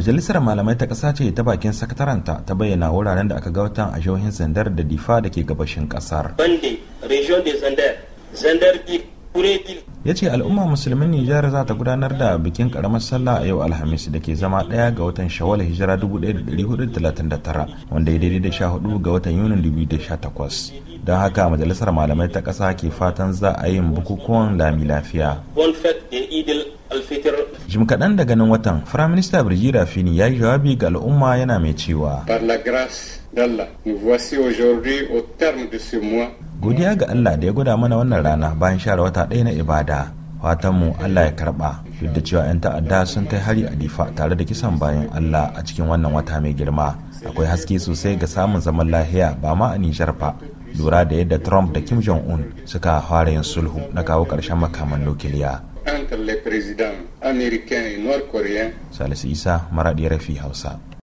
majalisar malamai ta ƙasa ce ta bakin sakataranta ta bayyana wuraren da aka gautan a jihohin zandar da difa da ke gabashin ƙasar ya ce al'umma musulmin nijar za ta gudanar da bikin karamar sallah a yau alhamis da ke zama ɗaya ga watan shawal hijira 1439 wanda ya daidai da 14 ga watan yunin 2018 don haka majalisar malamai ta ƙasa ke fatan za a yin bukukuwan lami lafiya jim kaɗan daga nan watan firaminista birgira fini ya yi jawabi ga al'umma yana mai cewa godiya ga allah da ya gwada mana wannan rana bayan share wata ɗaya na ibada fatanmu allah ya karɓa duk da cewa 'yan ta'adda sun kai hari a difa tare da kisan bayan allah a cikin wannan wata mai girma akwai haske sosai ga samun zaman lahiya ba ma a nijar fa lura da yadda trump da kim jong-un suka fara yin sulhu na kawo karshen makaman nukiliya les présidents américains et nord-coréens. Salis Isa, Maradi Refi, Hausa.